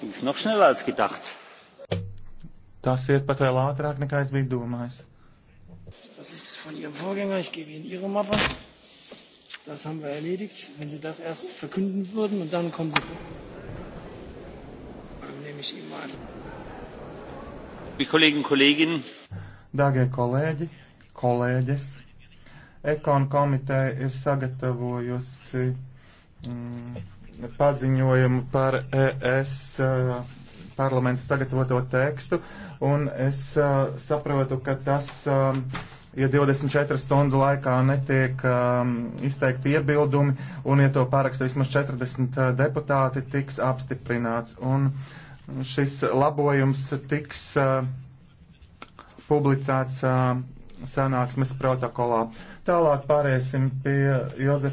Tas iet pat vēl ātrāk, nekā es biju domājis. Das ist von Ihrem Vorgänger. Ich gebe Ihnen Ihre Mappe. Das haben wir erledigt. Wenn Sie das erst verkünden würden und dann kommen Sie. Dann nehme ich Ihnen an. Die Kollegen, Kolleginnen. Dārgie kolēģi, kolēģis, Ekon komiteja ir sagatavojusi Mm, paziņojumu par ES uh, parlamentu sagatavoto tekstu, un es uh, saprotu, ka tas, um, ja 24 stundu laikā netiek um, izteikti iebildumi, un ja to pāraksta vismaz 40 uh, deputāti, tiks apstiprināts. Un šis labojums tiks publicēts sanāksmes protokolā. Tālāk pāriesim pie Jozefa.